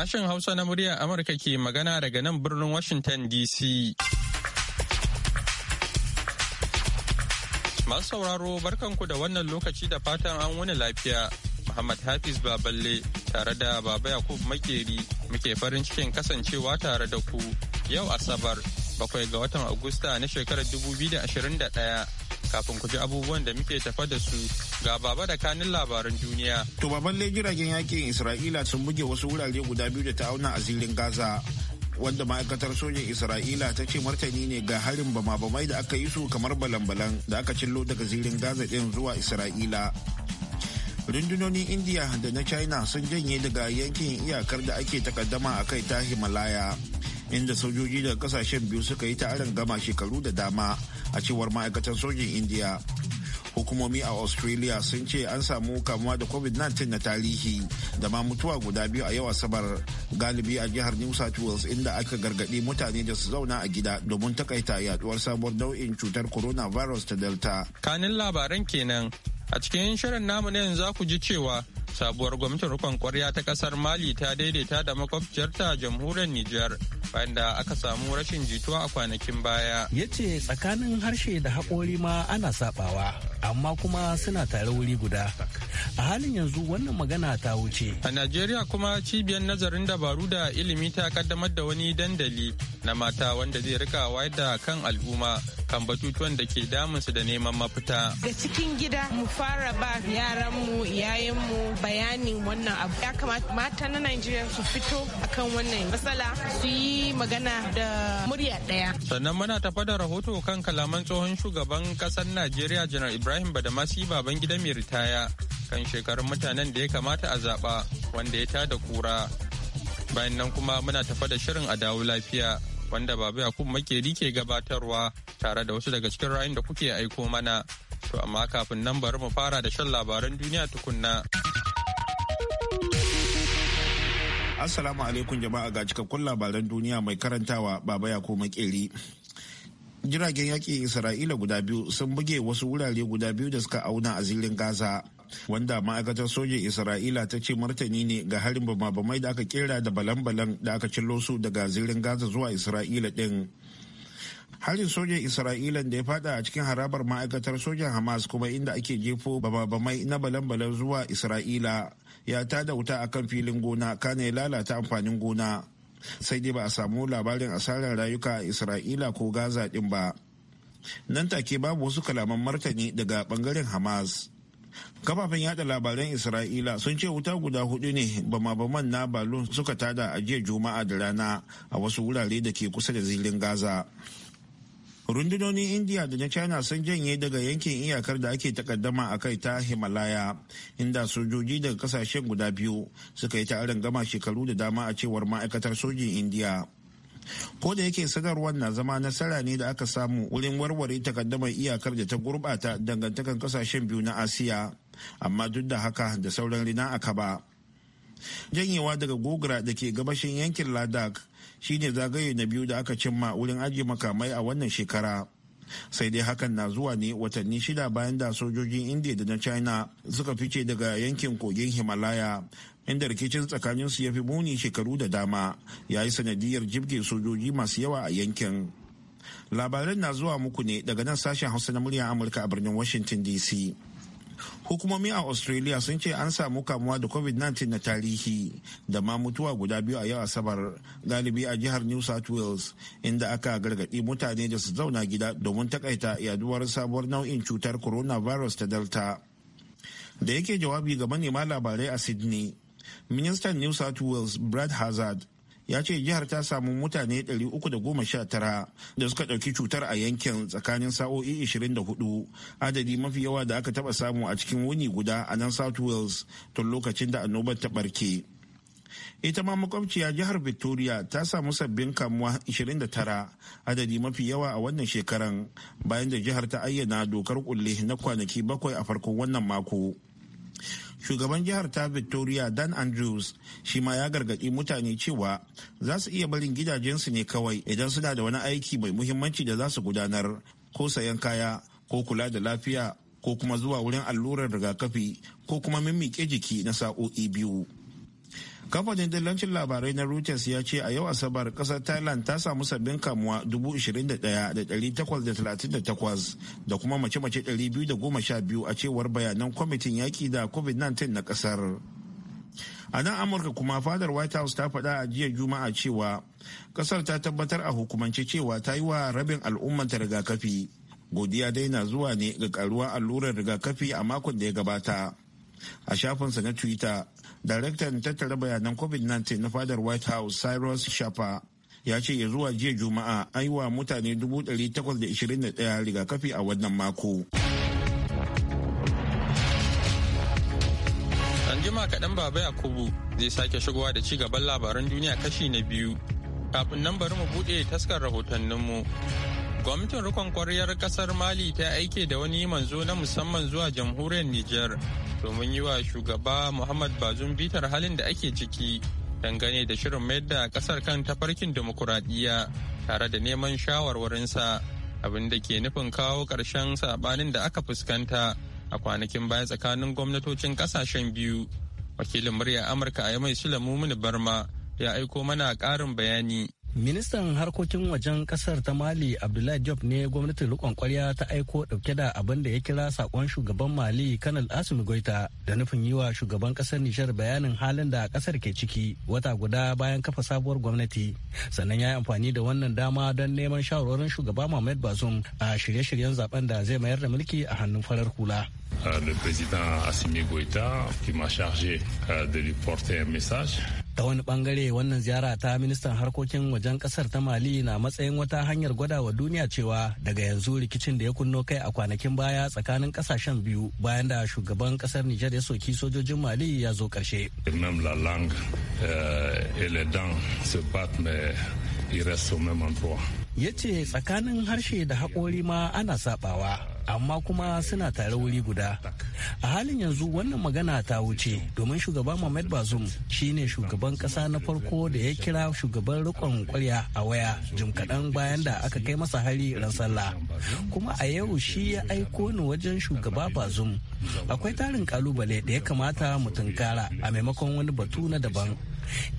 Sashen Hausa na muryar Amurka ke magana daga nan birnin Washington DC. Masu sauraro barkanku da wannan lokaci da fatan an wani lafiya. Muhammad Hafiz Baballe tare da Baba Yakub Makeri muke farin cikin kasancewa tare da ku yau Asabar bakwai ga watan Agusta na shekarar 2021. kafin ku ji abubuwan da muke tafa da su ga baba da kanin labaran duniya. To baban jiragen yakin Isra'ila sun buge wasu wurare guda biyu da ta auna a zirin Gaza. Wanda ma'aikatar sojin Isra'ila ta ce martani ne ga harin bama-bamai da aka yi su kamar balan-balan da aka cillo daga zirin Gaza ɗin zuwa Isra'ila. Rundunonin India da na China sun janye daga yankin iyakar da ake takaddama a kai ta Himalaya. inda sojoji daga kasashen biyu suka yi taron gama shekaru da dama a cewar ma'aikatan sojin indiya hukumomi a australia sun ce an samu kamuwa da covid-19 na tarihi da ma mutuwa guda biyu a yau asabar galibi a jihar new south wales inda aka gargaɗi mutane da su zauna a gida domin takaita yaduwar sabuwar nau'in cutar coronavirus ta delta kanin labaran kenan a cikin shirin namu ne yanzu ku ji cewa sabuwar gwamnatin rukun kwarya ta kasar mali ta daidaita da makwabciyarta jamhuriyar nijar bayan aka samu rashin jituwa a kwanakin baya ya ce tsakanin harshe da haƙori ma ana sabawa amma kuma suna tare wuri guda a halin yanzu wannan magana ta wuce a najeriya kuma cibiyar nazarin dabaru da ilimi ta kaddamar da wani dandali na mata wanda zai rika wayar da kan al'umma kan batutuwan da ke damunsu da neman mafita Da cikin gida mu fara ba yaran yaranmu mu. bayanin wannan abu ya kamata mata na Najeriya su fito akan wannan matsala su yi magana da murya daya. Sannan muna tafa da rahoto kan kalaman tsohon shugaban kasar Najeriya Janar Ibrahim Badamasi baban gida mai ritaya kan shekarun mutanen da ya kamata a zaba wanda ya tada kura. Bayan nan kuma muna tafa da shirin a dawo lafiya wanda babu Yakub Makeri ke gabatarwa tare da wasu daga cikin ra'ayin da kuke aiko mana. To amma kafin nan bari mu fara da shan labaran duniya tukunna. Assalamu alaikum jama'a ga cikakkun labaran duniya mai karantawa baba ya Maƙeri. makeri. Jiragen yaƙin Isra'ila guda biyu sun buge wasu wurare guda biyu da suka auna a zirin Gaza. Wanda ma'aikatar sojin Isra'ila ta ce martani ne ga harin bama da aka kera da balan-balan da aka cillo su daga zirin Gaza zuwa Isra'ila ɗin harin sojan isra'ilan da ya fada a cikin harabar ma'aikatar sojan hamas kuma inda ake jefo bababamai na balan-balan zuwa isra'ila ya tada wuta a kan filin gona kana ya lalata amfanin gona sai dai ba a samu labarin asarar rayuka a isra'ila ko gaza din ba nan take babu wasu kalaman martani daga bangaren hamas kafafen yada labaran isra'ila sun ce wuta guda hudu ne bama-baman na balon suka tada a jiya juma'a da rana a wasu wurare da ke kusa da zilin gaza rundunonin india da na china sun janye daga yankin iyakar da ake takaddama a kai ta himalaya inda sojoji daga kasashen guda biyu suka yi ta'arin gama shekaru da dama a cewar ma'aikatar sojin india ko da yake sadarwar na zama nasara ne da aka samu wurin warware takaddamar iyakar da ta gurbata dangantakan kasashen biyu na asiya amma duk da haka da sauran rina aka ba janyewa daga gogra da ke gabashin yankin ladak shine zagaye na biyu da aka cimma wurin ajiye makamai a wannan shekara sai dai hakan na zuwa ne watanni shida bayan da sojojin india da na china suka fice daga yankin kogin himalaya inda rikicin tsakaninsu ya fi muni shekaru da dama ya yi sanadiyar jibge sojoji masu yawa a yankin labaran na zuwa muku ne daga nan sashen hausa na muryar amurka a birnin washington dc hukumomi a australia sun ce an samu kamuwa da covid-19 na tarihi da ma mutuwa guda biyu a yau asabar galibi a jihar new south wales inda aka gargaɗi mutane da su zauna gida domin takaita yaduwar sabuwar nau'in cutar coronavirus ta delta da yake jawabi ga manema labarai a sydney ministan new south wales brad hazard ya ce jihar ta samu mutane 319 da suka ɗauki cutar a yankin tsakanin sa'o'i 24 adadi mafi yawa da aka taɓa samu a cikin wuni guda a nan south wales tun lokacin da annobar ta ɓarke ita ma makwabciya jihar victoria ta samu sabbin kamuwa 29 adadi mafi yawa a wannan shekaran bayan da jihar ta ayyana dokar kulle na kwanaki bakwai a farkon wannan mako shugaban jihar ta victoria dan andrews shi ma ya gargadi mutane cewa za su iya barin gidajensu ne kawai idan suna da wani aiki mai muhimmanci da za su gudanar ko sayan kaya ko kula da lafiya ko kuma zuwa wurin allurar rigakafi ko kuma mimmiƙe jiki na sa'o'i biyu kamfanin dillancin labarai na reuters ya ce a yau asabar kasar thailand ta samu sabbin kamuwa 21,838 da kuma mace-mace 212 a cewar bayanan kwamitin yaki da covid-19 na kasar a nan amurka kuma fadar white house ta faɗa a jiya juma'a cewa kasar ta tabbatar a hukumance cewa ta yi wa rabin al'ummanta rigakafi godiya dai na zuwa ne ga karuwa allurar rigakafi a makon da ya gabata a shafinsa na twitter Daraktan tattara bayanan COVID-19 na fadar White House Cyrus shafa ya ce ya zuwa jiya Juma'a an yi wa mutane 821 rigakafi a wannan mako. An kaɗan Baba Yakubu zai sake shigowa da ci gaban labaran duniya kashi na biyu. Kafin nan bari mu buɗe taskar rahotanninmu. Gwamnatin rukun kwaryar kasar Mali ta aike da wani manzo na musamman zuwa jamhuriyar Nijar domin yi wa shugaba Muhammad Bazoum bitar halin da ake ciki dangane da shirin mayar da kasar kan tafarkin demokuraɗiyya tare da neman shawarwarinsa abin da ke nufin kawo ƙarshen sabanin da aka fuskanta a kwanakin baya tsakanin gwamnatocin ƙasashen biyu. Wakilin murya Amurka a yi mai Sulamu Barma ya aiko mana ƙarin bayani. Ministan harkokin wajen kasar ta Mali Abdullahi Diop ne gwamnatin rikon kwarya ta aiko dauke da abin da ya kira sakon shugaban Mali Kanal Asimi Goita da nufin yi wa shugaban kasar Nijar bayanin halin da kasar ke ciki wata guda bayan kafa sabuwar gwamnati. Sannan ya yi amfani da wannan dama don neman shawarwarin shugaba Mohamed Bazoum a shirye-shiryen zaben da zai mayar da mulki a hannun farar hula. Euh, le président Assimi Goïta qui m'a chargé euh, de lui porter un message. Ta wani bangare wannan ziyara ta ministan harkokin wajen kasar ta Mali na matsayin wata hanyar gwada wa duniya cewa daga yanzu rikicin da ya kunno kai a kwanakin baya tsakanin kasashen biyu bayan da shugaban kasar Nijar ya soki sojojin Mali ya zo karshe. Même la langue euh, et les dents se battent mais ils restent au même endroit. ya ce tsakanin harshe da haƙori ma ana sabawa amma kuma suna tare wuri guda a halin yanzu wannan magana ta wuce domin shugaba Mohamed Bazoum shine shugaban ƙasa na farko da ya kira shugaban rikon kwarya a waya jim kaɗan bayan da aka kai masa hari ran sallah kuma a yau shi ya aiko ni wajen shugaba Bazoum akwai tarin kalubale da ya kamata mu tunkara a maimakon wani batu na daban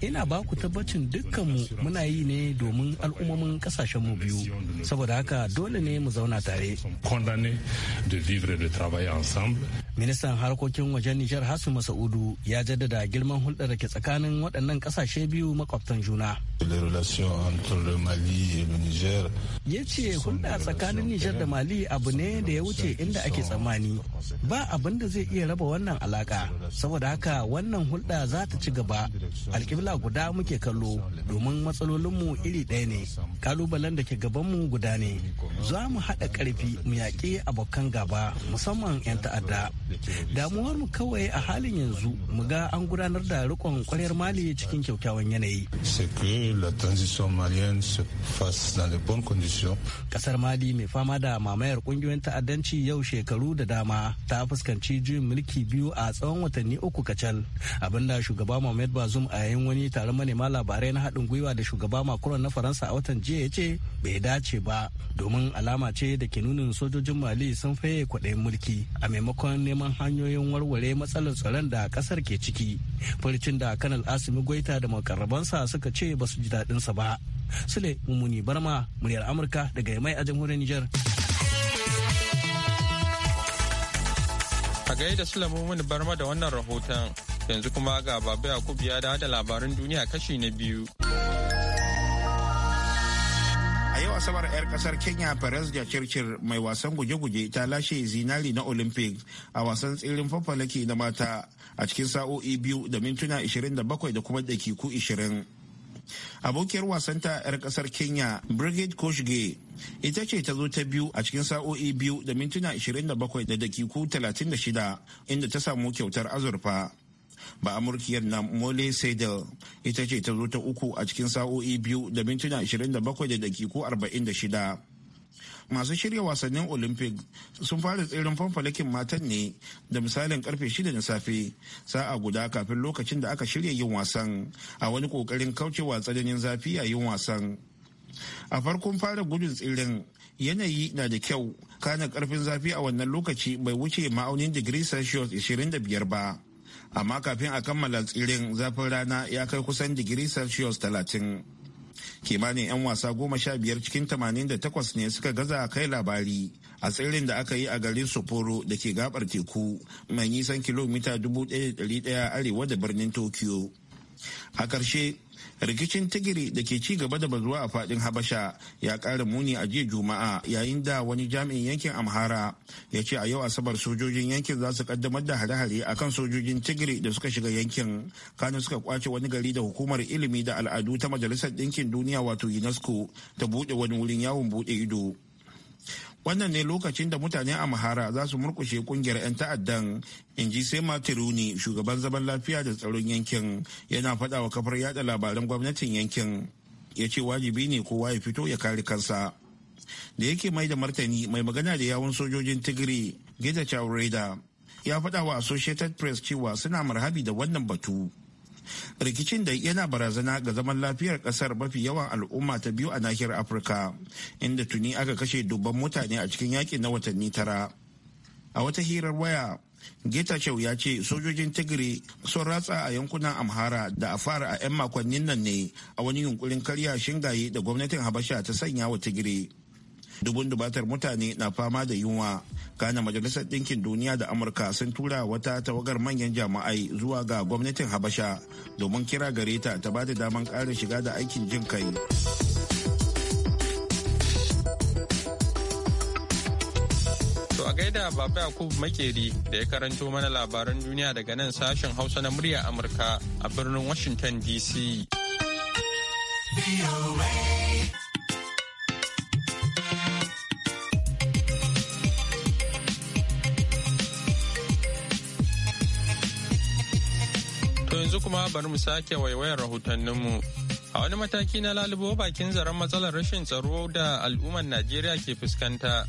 ina ba ku tabbacin dukkanmu muna yi ne domin al'ummomin kasashen mu biyu saboda haka dole ne mu zauna tare ministan harkokin wajen nijar hasu masaudu ya jaddada girman hulɗar da ke tsakanin waɗannan ƙasashe biyu makwabtan juna ya ce hulɗa tsakanin nijar da mali abu ne da ya wuce inda ake tsammani ba abin da zai iya raba wannan alaƙa saboda haka wannan hulɗa za ta ci gaba a alkibla guda muke kallo domin matsalolinmu iri ɗaya ne kalubalen da ke gabanmu guda ne za mu haɗa ƙarfi mu yaƙi abokan gaba musamman 'yan ta'adda damuwar mu kawai a halin yanzu mu ga an gudanar da rikon kwaryar mali cikin kyaukyawan yanayi kasar mali mai fama da mamayar ƙungiyoyin ta'addanci yau shekaru da dama ta fuskanci juyin mulki biyu a tsawon watanni uku kacal abinda shugaba mohamed bazoum a yayin wani taron manema labarai na haɗin gwiwa da shugaba makuron na Faransa a watan jiya ya ce bai dace ba domin alama ce da ke nunin sojojin Mali sun faye kwaɗayin mulki a maimakon neman hanyoyin warware matsalar tsaron da ƙasar ke ciki. Farcin da Kanal Asimi Goita da makarrabansa suka ce ba su ji daɗinsa ba. Sule Mumuni Barma, muryar Amurka daga Yamai a jamhuriyar Nijar. A gaida Sule Mumuni Barma da wannan rahoton. yanzu kuma ga babu yakub ya da labarin duniya kashi na biyu a yau asabar 'yar kasar kenya perez da kirkir mai wasan guje-guje ta lashe zinari na olympic a wasan tsirin fafalaki na mata a cikin sa'o'i biyu da mintuna 27 da kuma dakiku 20 abokiyar wasanta 'yar kasar kenya brigid koshge ita ce ta zo ta biyu a cikin sa'o'i biyu da mintuna 27 da dakiku 36 inda ta samu kyautar azurfa ba amurkiyar na mole sedel ita ce ta zo ta uku a cikin sa'o'i biyu da mintuna 27 da dakiku 46 masu shirya wasannin olympic sun fara tseren fanfalakin matan ne da misalin karfe 6 na safe sa'a guda kafin lokacin da aka shirya yin wasan a wani kokarin kaucewa tsananin zafi yayin wasan a farkon fara gudun tsirin yanayi na da kyau kana karfin zafi a wannan lokaci bai wuce ma'aunin digiri celsius 25 ba amma kafin a kammala tsirin zafin rana ya kai kusan digiri celsius talatin kimanin 'yan wasa goma sha biyar cikin tamanin da takwas ne suka gaza kai labari a tsirin da aka yi a garin soforo da ke gabar teku mai nisan kilomita 1100 arewa da birnin tokyo a ƙarshe rikicin tigiri da ke ci gaba da bazuwa a fadin habasha ya ƙara muni a jiya juma'a yayin da wani jami'in yankin amhara ya ce a yau asabar sojojin yankin za su kaddamar da hare-hare a kan sojojin tigiri da suka shiga yankin kano suka kwace wani gari da hukumar ilimi da al'adu ta majalisar ɗinkin duniya wato unesco ta buɗe wani wurin yawon buɗe ido wannan ne lokacin da mutane a mahara za su murkushe kungiyar 'yan ta'addan in ji sai matiruni shugaban zaman lafiya da tsaron yankin yana faɗa wa kafar yada labaran gwamnatin yankin ya ce wajibi ne kowa ya fito ya kare kansa da yake mai da martani mai magana da yawun sojojin tigiri gida chaureda ya faɗa wa associated press cewa suna marhabi da wannan batu rikicin da yana barazana ga zaman lafiyar kasar mafi yawan al'umma ta biyu a nahiyar afirka inda tuni aka kashe dubban mutane a cikin yaƙi na watanni tara a wata hirar waya Chow ya ce sojojin tigiri sun ratsa a yankunan amhara da a fara a 'yan makonnin nan ne a wani yunkurin karya shingaye da gwamnatin habasha ta sanya wa tigiri dubun dubatar mutane na fama da yunwa kana majalisar ɗinkin duniya da amurka sun tura wata tawagar manyan jama'ai zuwa ga gwamnatin habasha domin kira gare ta ta ba da daman ƙarin shiga da aikin jin kai To a gaida Baba Yakubu Makeri da ya karanto mana labaran duniya daga nan sashen Hausa na murya Amurka a birnin Washington DC. yanzu kuma bari mu sake waiwayar rahotanninmu. A wani mataki na lalubo bakin zaren matsalar rashin tsaro da al'ummar Najeriya ke fuskanta,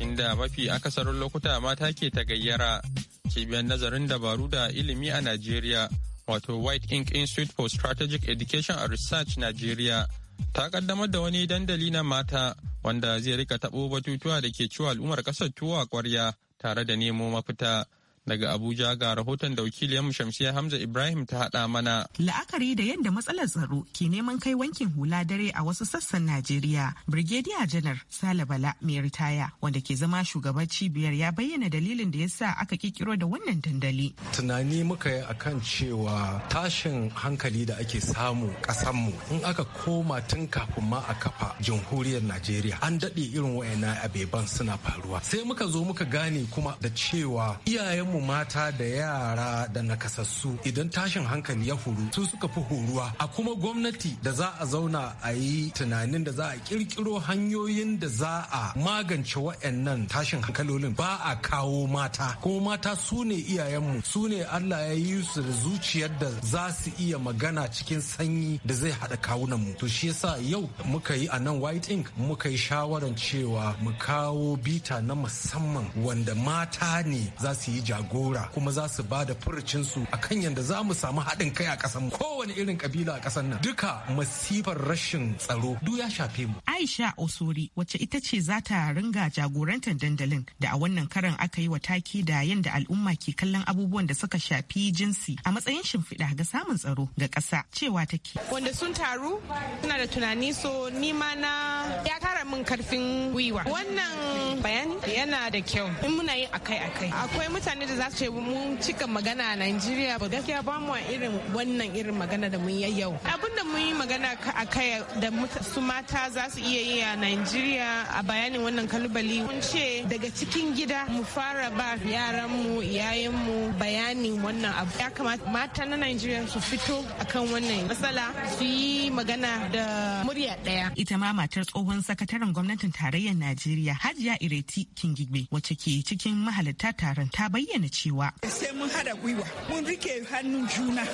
inda mafi akasarin lokuta mata ke ta gayyara. Cibiyar nazarin dabaru da ilimi a Najeriya, wato White Ink Institute for Strategic Education and Research Najeriya, ta kaddamar da wani dandali na mata wanda zai rika taɓo batutuwa da ke ciwo al'ummar ƙasar tuwa kwarya tare da nemo mafita. Daga Abuja ga rahoton da wakiliyar Shamsiya Hamza Ibrahim ta haɗa mana. La'akari da yadda matsalar tsaro ke neman kai wankin hula dare a wasu sassan Najeriya. Brigadier Janar Sale Bala mai ritaya wanda ke zama shugaban cibiyar ya bayyana dalilin da ya sa aka kikiro da wannan dandali. Tunani muka yi akan cewa tashin hankali da ake samu mu in aka koma tun kafin ma a kafa jamhuriyar Najeriya an daɗe irin wayanna abeban suna faruwa. Sai muka zo muka gane kuma da cewa iyayenmu mu mata da yara da nakasassu idan tashin hankali ya huru su suka fi horuwa a kuma gwamnati da za a zauna a yi tunanin da za a kirkiro hanyoyin da za a magance wa'annan tashin hankalolin ba a kawo mata kuma mata su ne iyayenmu su ne Allah ya yi su da zuciyar da za su iya magana cikin sanyi da zai haɗa kawunan mu to shi yasa yau muka yi a nan white ink muka yi shawaran cewa mu kawo bita na musamman wanda mata ne za su yi jagora jagora kuma za su ba da furcinsu a kan yadda za mu samu haɗin kai a ƙasan kowane irin ƙabila a ƙasan nan duka masifar rashin tsaro du ya shafe mu. Aisha Osori wacce ita ce za ta ringa jagorantar dandalin da a wannan karan aka yi wa taki da yadda al'umma ke kallon abubuwan da suka shafi jinsi a matsayin shimfiɗa ga samun tsaro ga ƙasa cewa take. Wanda sun taru suna da tunani so nima na ya kara min karfin gwiwa. Wannan bayani yana da kyau in muna yi akai-akai. Akwai mutane da yadda za su ce mun cika magana a Najeriya ba gaskiya ba mu irin wannan irin magana da mun yi yau. Abin da mun yi magana a kai da su mata za su iya yi a Najeriya a bayanin wannan kalubali mun ce daga cikin gida mu fara ba yaran yaranmu iyayenmu bayanin wannan abu. Ya kamata mata na Najeriya su fito akan wannan matsala su yi magana da murya ɗaya. Ita ma matar tsohon sakataren gwamnatin tarayyar Najeriya Hajiya Ireti Kingigbe wacce ke cikin mahalarta taron ta bayyana mana cewa. Sai mun hada gwiwa, mun rike hannun juna,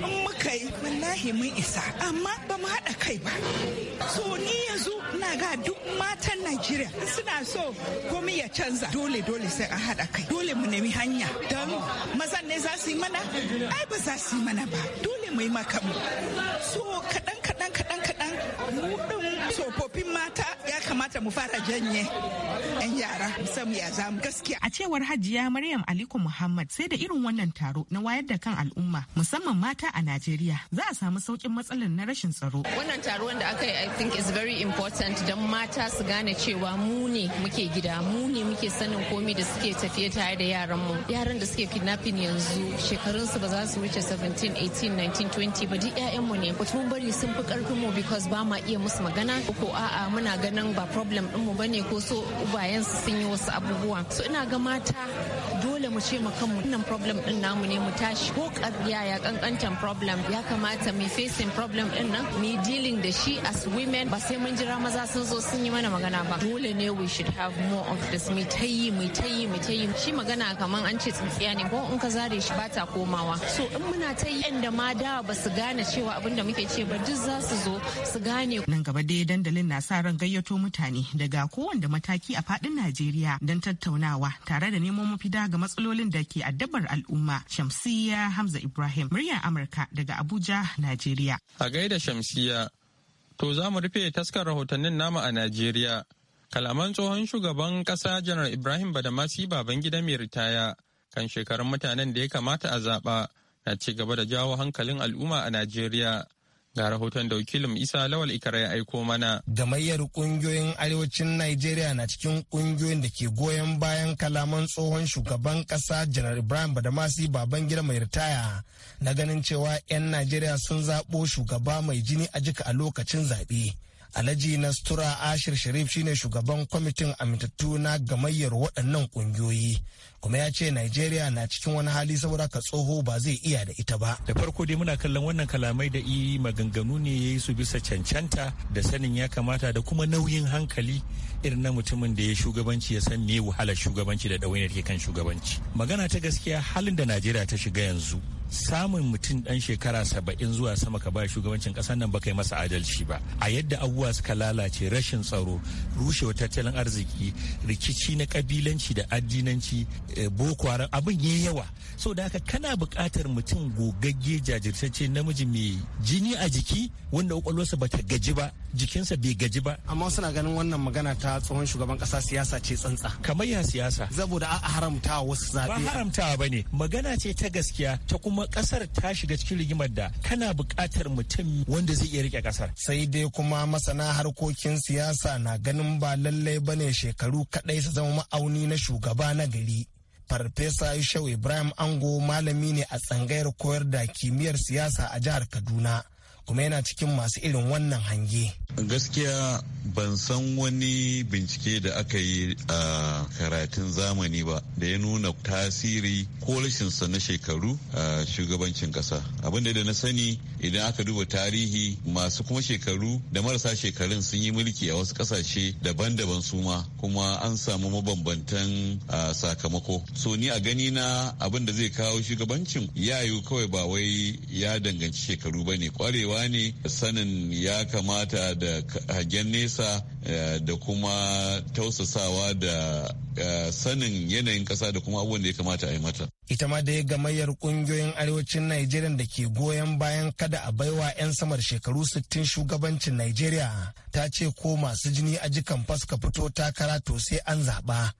mun muka yi wallahi mun isa, amma ba mu hada kai ba. So ni yanzu na ga duk matan Najeriya suna so komai ya canza dole dole sai an hada kai. Dole mu nemi hanya don mazan ne za su yi mana, ai ba za su yi mana ba. Dole mu yi maka mu. So kaɗan kaɗan kaɗan kaɗan mu tsofaffi mata ya kamata mu fara janye 'yan san ya zamu gaskiya. A cewar Hajiya Maryam Aliko Muhammad sai da irin wannan taro na wayar da kan al'umma musamman mata a Najeriya za a samu saukin matsalar na rashin tsaro. Wannan taro wanda aka yi I think is very important don mata su gane cewa mu ne muke gida mu ne muke sanin komi da suke tafiye tare da yaran mu. Yaran da suke kidnapping yanzu shekarun su ba za su wuce 17, 18, 19, 20 ba duk ƴaƴan mu ne. Wato mun bari sun fi karfin mu because ba ma iya musu magana ko a'a muna ganin ba problem din mu bane ko so ubayen su sun yi wasu abubuwa so ina ga mata dole mu ce mu kanmu wannan problem din namu ne mu tashi ko ƙarya ya kankantan problem ya kamata mu facing problem din nan mu dealing da shi as women ba sai mun jira maza sun zo sun yi mana magana ba dole ne we should have more of this mu tayi mu tayi mu tayi shi magana kaman an ce tsintsiya ne ko in ka zare shi ba ta komawa so in muna ta yi inda ma da ba su gane cewa abin da muke ce ba duk za su zo su gane nan gaba dai dandalin na sa ran gayyato mutane daga kowanne mataki a fadin Najeriya don tattaunawa tare da neman mafida ga matsalolin da ke addabar al'umma Shamsiyya Hamza Ibrahim murya Amurka daga Abuja, Najeriya. A gaida Shamsiyya, to za mu rufe taskar rahotannin nama a Najeriya. Kalaman tsohon shugaban ƙasa Janar Ibrahim Badamasi baban gida mai ritaya kan shekarun mutanen da ya kamata a zaɓa na ci gaba da jawo hankalin al'umma a Najeriya. Ga rahoton da wakilin Isa Lawal Ikara ya aiko mana. Gamayyar kungiyoyin arewacin Najeriya na cikin kungiyoyin da ke goyon bayan kalaman tsohon shugaban kasa Janar Ibrahim Badamasi baban gida mai ritaya na ganin cewa 'yan Najeriya sun zaɓo shugaba mai jini a jika a lokacin zaɓe. Alhaji Nastura Ashir Sharif shine shugaban kwamitin amintattu na gamayyar waɗannan ƙungiyoyi. kuma ya ce Najeriya na cikin wani hali saboda ka tsoho ba zai iya da ita ba. Da farko dai muna kallon wannan kalamai da i maganganu ne ya yi su bisa cancanta da sanin ya kamata da kuma nauyin hankali irin na mutumin da ya shugabanci ya san me wahalar shugabanci da ɗawainiyar ke kan shugabanci. Magana ta gaskiya halin da Najeriya ta shiga yanzu samun mutum dan shekara saba'in zuwa sama ka ba shugabancin kasar nan baka yi masa adalci ba a yadda abubuwa suka lalace rashin tsaro rushewar tattalin arziki rikici na kabilanci da addinanci eh, boko haram abin ya yawa so da haka kana buƙatar mutum gogagge jajirtacce namiji mai jini a jiki wanda kwakwalwarsa ba ta gaji ba jikinsa bai gaji ba amma suna ganin wannan magana ta tsohon shugaban ƙasa siyasa ce tsantsa kamar ya siyasa saboda a haramta wasu zaɓe ba haramtawa bane magana ce ta gaskiya ta kuma kuma kasar ta shiga cikin rigimar da kana buƙatar mutum wanda zai iya rike kasar sai dai kuma masana harkokin siyasa na ganin ba lallai bane shekaru kadai su zama ma'auni na shugaba na gari farfesa Yushau Ibrahim Ango malami ne a tsangayar koyar da kimiyyar siyasa a jihar Kaduna kuma yana cikin masu irin wannan hange. Gaskiya ban san wani bincike da aka yi a karatun zamani ba da ya nuna tasiri ko rashinsa na shekaru a shugabancin kasa. abinda da na sani idan aka duba tarihi masu kuma shekaru da marasa shekarun sun yi mulki a wasu kasashe daban-daban suma kuma an samu mabambantan sakamako. So ni a gani na abinda zai kawo shugabancin yayu kawai ba wai ya danganci shekaru ba ne kwarewa ne sanin ya kamata da hagen nesa eh, da kuma tausasawa da eh, sanin yanayin kasa da kuma abubuwan da ya kamata a yi mata. Ita ma da ya gamayyar ƙungiyoyin arewacin Najeriya da ke goyon bayan kada a baiwa 'yan samar shekaru 60 shugabancin Najeriya ta ce ko masu jini a jikan fuska fito takara to sai an zaɓa.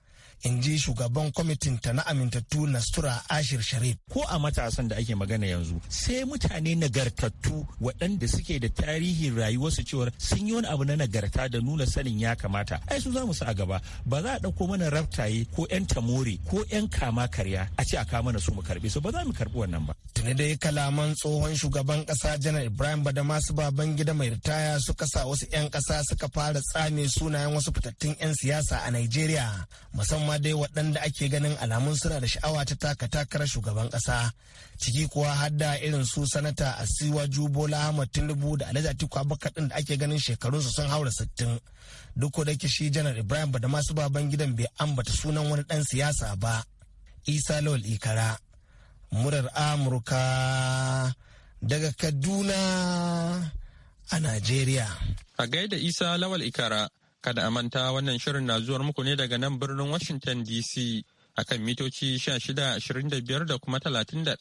in ji shugaban kwamitin ta na amintattu nastura ashir sharif ko a matasan da ake magana yanzu sai mutane nagartattu waɗanda suke da tarihin rayuwarsu cewar sun yi wani abu na nagarta da nuna sanin ya kamata ai su za mu sa a gaba ba za a ɗauko mana raftaye ko 'yan tamori ko 'yan kama karya a ce a kama na su mu karɓe su ba za mu karɓi wannan ba tuni dai kalaman tsohon shugaban ƙasa janar ibrahim da masu baban gida mai ritaya suka sa wasu 'yan ƙasa suka fara tsame sunayen wasu fitattun 'yan siyasa a nigeria San ma dai waɗanda ake ganin alamun suna da sha'awa ta taka takarar shugaban ƙasa ciki kuwa hadda irin su sanata asiwa jubola ahmad tinubu da alhaji atiku abubakar ɗin da ake ganin shekarunsu sun haura sittin duk da shi janar ibrahim ba da masu baban gidan bai ambata sunan wani ɗan siyasa ba isa lawal ikara murar amurka daga kaduna a najeriya a gaida isa lawal ikara Kada a manta wannan shirin na zuwar muku ne daga nan birnin Washington DC akan mitoci 1625 da kuma 31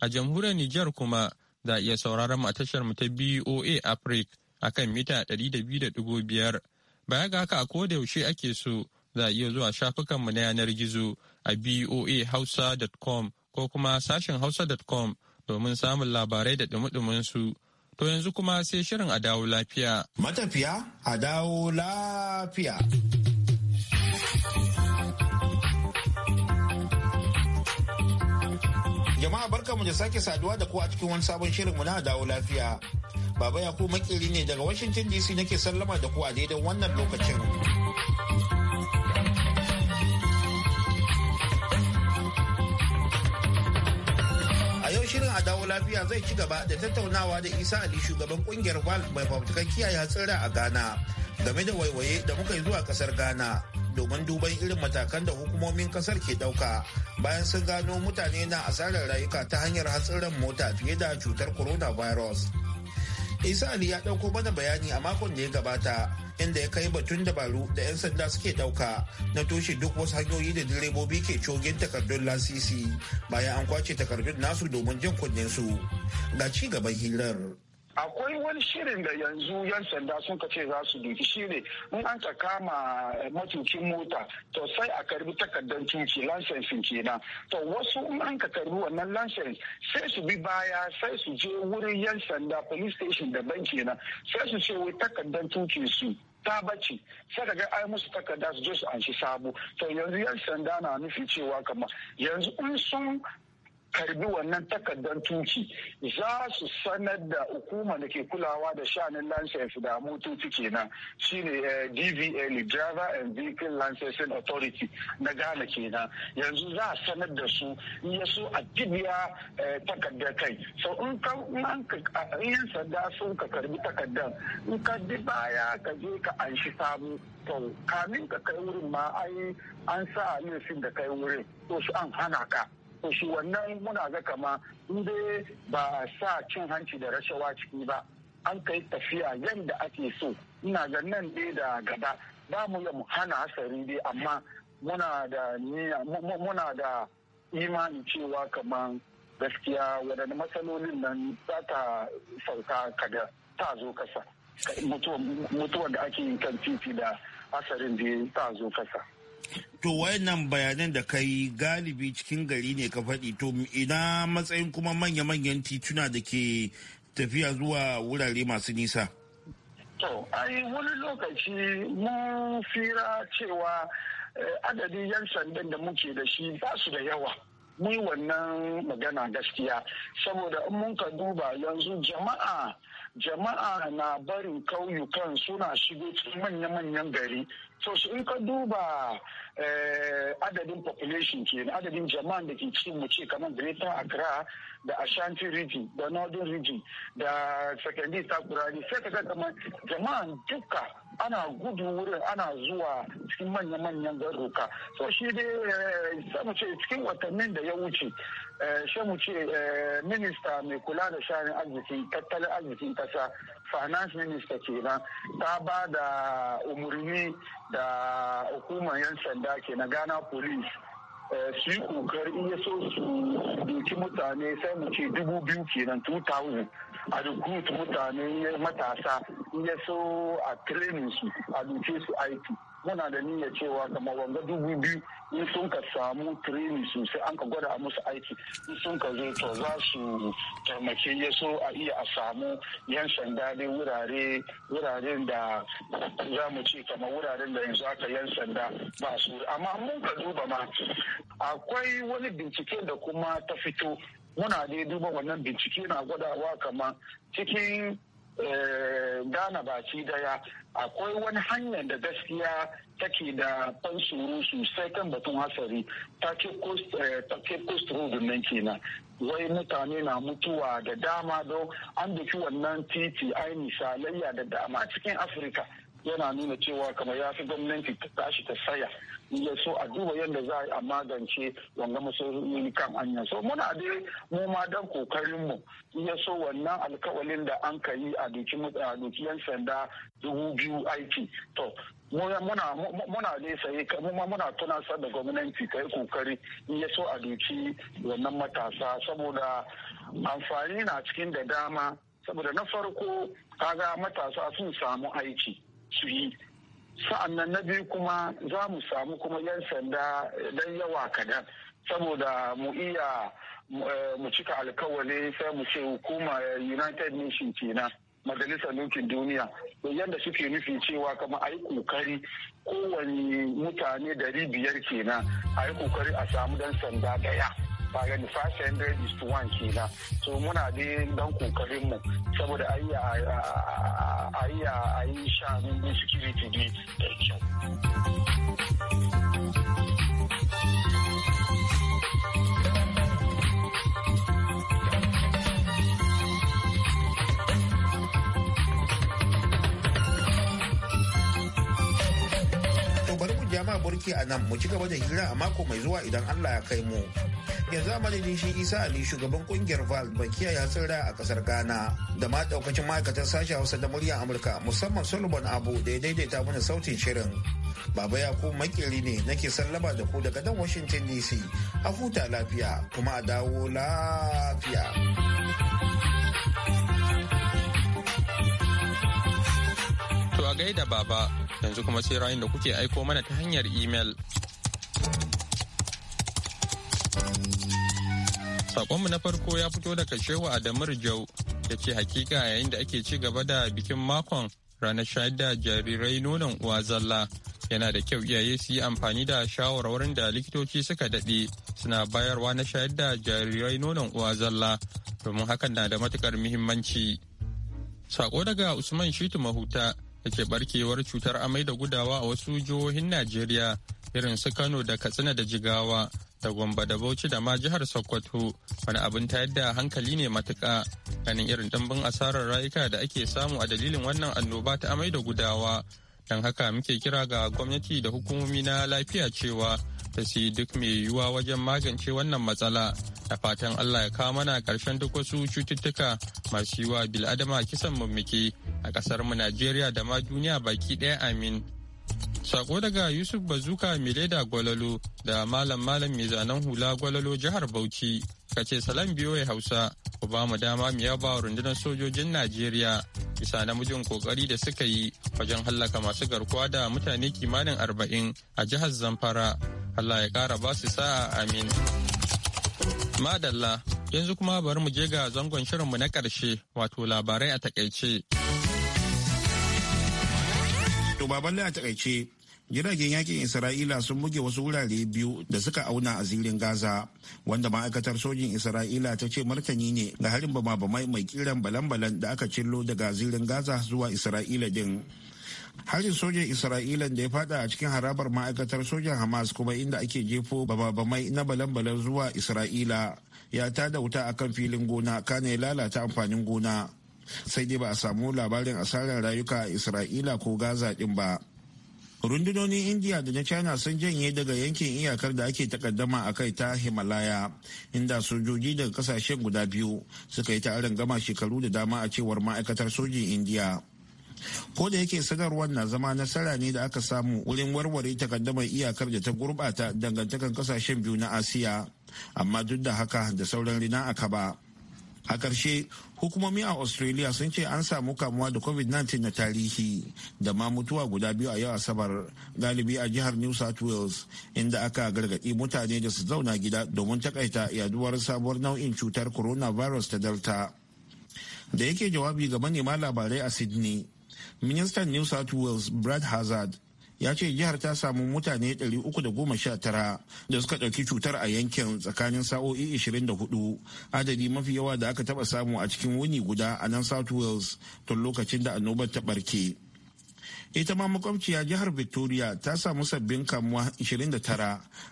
a jamhuriyar Nijar kuma za a iya sauraron mu a tashar mu ta BOA Africa akan mita 200.5 baya ga haka a koda yaushe ake so za a iya zuwa shafukan mu na yanar gizo a boahausa.com ko kuma sashin hausa.com domin samun labarai da dumi su To yanzu kuma sai shirin a dawo lafiya. Matafiya a dawo lafiya. Jama'a mu da sake saduwa da ku a cikin wani sabon shirin mu na dawo lafiya. Baba Yakubu makeri ne daga Washington DC nake sallama da ku a daidai wannan lokacin. shirin a dawo lafiya zai ci gaba da tattaunawa da isa ali shugaban kungiyar wal mai fafutukan kiyaye hatsira a ghana game da waiwaye da muka yi zuwa kasar ghana domin duban irin matakan da hukumomin kasar ke dauka bayan sun gano mutane na asarar rayuka ta hanyar hatsarin mota fiye da cutar coronavirus. virus isa ali ya dauko mana bayani a makon da ya gabata inda ya kai batun dabaru da 'yan sanda suke dauka na toshe duk wasu hanyoyi da direbobi ke cogin takardun lasisi bayan an kwace takardun nasu domin jin kunnen su ga ci gaban hirar akwai wani shirin da yanzu yan sanda sun ka ce za su duki shine in an ka kama eh, matukin mota to sai a karbi takardar tuki lansensin kenan to wasu in an ka karbi wannan lansens sai su bi baya sai su je wurin yan sanda police station ban kenan sai su ce wai takardar tuki su ta bace sai ka ga ai musu takarda su je su anshi sabo to yanzu yan sanda na nufi cewa kama yanzu in sun karbi wannan takardar tuci za su sanar da hukuma da ke kulawa da shanin license da motoci kenan shine eh, DVL Driver and Vehicle Licensing Authority na Ghana kenan yanzu za a sanar da su in ya so a dibiya eh, takardar kai so in ka yin sanda sun ka karbi takardar in ka baya ka je ka anshi shi samu to kamin ka kai wurin ma an sa laifin da kai wurin to su an hana ka shi wannan muna ga kama in dai ba sa cin hanci da rashawa ciki ba an kai tafiya yadda ake so ina ga nan dai da gaba ba mu yi hana hasari dai amma muna da muna da imani cewa kamar gaskiya waɗanne matsalolin nan za ta sauka kada ta zo kasa mutuwar da ake yin kan titi da hasarin da ta zo kasa to wayannan bayanan da kai galibi cikin gari ne ka faɗi to ina matsayin kuma manya-manyan tituna da ke tafiya zuwa wurare masu nisa to ai wani lokaci mun fira cewa eh, adadin yan sandan da muke da shi ba su da yawa mu wannan magana gaskiya saboda in mun ka duba yanzu jama'a jama'a na barin kauyukan suna shigo cikin manya-manyan gari so su in ka duba eh, adadin population ke adadin jama'an da ke cikin mu ce kamar greater accra da ashanti region da northern region da secondary kurari sai ka ga kamar jama'an duka ana gudu wurin ana zuwa cikin manya-manyan garuka so shi dai eh, sai mu ce cikin watannin da ya wuce eh, sai mu ce minista mai kula da shanin arzikin tattalin arzikin kasa finance minister kenan ta ba da umarni da hukumar yan sanda ke na ghana police eh, su yi kokar iya so su doki mutane sai mu ce dubu biyu kenan 2000 a recruit mutane matasa iya so a training su a doke su aiki muna da niyyar cewa kamar wanga dubu biyu in sun ka samu training sosai an ka gwada musu aiki in sun ka zo to za su taimake ya so a iya a samu yan sanda ne wuraren da za mu ce kamar wuraren da yanzu aka yan sanda ba su amma mun ka duba ma akwai wani bincike da kuma ta fito muna dai duba wannan bincike na gwadawa kamar cikin eh, gana baki daya akwai wani hanyar da gaskiya take da ban tsoro sosai kan batun hasari ta ke eh, coast road nan kenan wai mutane na mutuwa da dama don an daki wannan titi ai misalayya da dama cikin afirka yana nuna cewa kamar ya fi gwamnati ta tashi ta saya ya so a duba yadda za a magance wanga matsaloli kan hanya so muna dai mu ma dan kokarin mu ya so wannan alkawalin da an ka yi a doki yan sanda dubu biyu aiki to muna muna dai sai kuma muna tunasar da gwamnati ta yi kokari ya so a doki wannan matasa saboda amfani na cikin da dama saboda na farko kaga matasa sun samu aiki su yi sa'annan na biyu kuma za mu samu kuma yan sanda dan yawa kadan saboda mu iya mu eh, cika alkawali sai mu ce hukuma eh, united nations kenan majalisar nukin duniya to yadda suke nufi cewa kama a yi kokari kowane mutane dari biyar kenan a yi kokari a samu dan sanda daya ba gani 500 is to 1 kina so muna da dan kokarin mu saboda a yi ayi yi shanun security dai da kyau jama'a burki a nan mu ci gaba da hira a mako mai zuwa idan Allah ya kai mu yanzu a madadin shi isa ali shugaban kungiyar val mai kiyaye tsira a kasar ghana da ma daukacin ma'aikatar sashen hausa da murya amurka musamman solomon abu da ya daidaita mana sautin shirin baba ya ku makeri ne nake sallama da ku daga dan washington dc a huta lafiya kuma a dawo lafiya to a gaida baba yanzu kuma sai ra'ayin da kuke aiko mana ta hanyar imel. Sakonmu na farko ya fito daga Shehu Adamur Jau da ce hakika yayin da ake ci gaba da bikin makon ranar shayar da jarirai nonon uwa zalla yana da kyau iyaye su yi amfani da shawarwarin da likitoci suka daɗe suna bayarwa na shayar da jarirai nonon uwa zalla domin hakan na da matukar muhimmanci. Sako daga Usman Shitu Mahuta da ke barkewar cutar amai da gudawa a wasu jihohin Najeriya irin su Kano da Katsina da Jigawa da Gombe da Bauchi da ma jihar Sokoto wani abin tayar da hankali ne matuka ganin irin dimbin asarar rayuka da ake samu a dalilin wannan annoba ta amai da gudawa. Don haka muke kira ga gwamnati da hukumomi na lafiya cewa ta su duk mai yiwuwa wajen magance wannan matsala. Da fatan Allah ya kawo mana karshen duk wasu cututtuka masu yiwuwa bil'adama kisan mummuke a ƙasar mu Najeriya da ma duniya baki ɗaya amin. Sako daga Yusuf Bazuka Mileda Gwalalo da Malam Malam mai zanen hula Gwalalo jihar Bauchi. Kace salam ya Hausa, ku ba mu dama mu yaba rundunar sojojin Najeriya bisa namijin kokari da suka yi wajen hallaka masu garkuwa da mutane kimanin arba'in a jihar Zamfara. Allah ya kara ba su sa'a amin. Madalla, yanzu kuma bari mu je ga zangon shirinmu na karshe wato labarai a takaice. To baballe a takaice jiragen yakin isra'ila sun buge wasu wurare biyu da suka auna a zirin gaza wanda ma'aikatar sojin isra'ila ta ce martani ne ga harin bama-bamai mai kiran balan-balan da aka cillo daga zirin gaza zuwa isra'ila din harin sojan isra'ila da ya fada a cikin harabar ma'aikatar sojan hamas kuma inda ake jefo bama-bamai na balan-balan zuwa isra'ila ya tada wuta a kan filin gona kana lalata amfanin gona sai dai ba a samu labarin asarar rayuka a isra'ila ko gaza din ba rundunonin india da na china sun janye daga yankin iyakar da ake takaddama a kai ta himalaya inda sojoji daga kasashen guda biyu suka yi ta'arin gama shekaru da dama a cewar ma'aikatar sojin india ko da yake sanarwar na zama nasara ne da aka samu wurin warware takaddamar iyakar da ta gurbata dangantakan kasashen biyu na asiya amma duk da haka da sauran rina aka ba A ƙarshe, hukumomi a Australia sun ce an samu kamuwa da COVID-19 na tarihi da ma mutuwa guda biyu a yau Asabar galibi a jihar New South Wales inda aka gargaɗi mutane da su zauna gida domin takaita yaduwar sabuwar nau'in cutar coronavirus ta Delta. Da yake jawabi ga manema labarai a Sydney, ministan New South Wales Brad Hazard ya ce jihar ta samu mutane 319 da suka ɗauki cutar a yankin tsakanin sa'o'i 24 adadi mafi yawa da aka taɓa samu a cikin wuni guda a nan south wales tun lokacin da annobar ta ɓarke. ita ma makwabciya jihar victoria ta samu sabbin kamuwa 29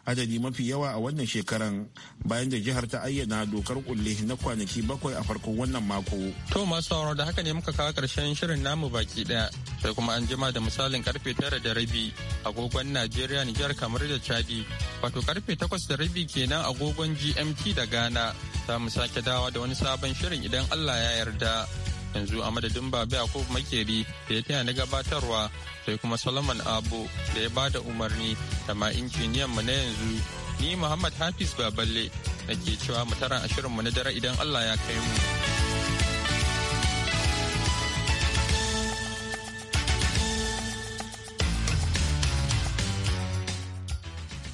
adadi mafi yawa a wannan shekaran bayan da jihar ta ayyana dokar kulle na kwanaki bakwai a farkon wannan mako to masu sauraro da haka ne muka kawo karshen shirin namu baki daya sai kuma an jima da misalin karfe tara da rabi agogon najeriya nijar kamar da chadi wato karfe takwas da rabi kenan agogon gmt da ghana za mu sake dawa da wani sabon shirin idan allah ya yarda yanzu a madadin babi ko makeri da ya taya na gabatarwa sai kuma solomon abu da ya bada umarni da ma injiniyan mu na yanzu ni muhammad hafiz baballe da cewa mu tara ashirin mu na dare idan allah ya kai mu.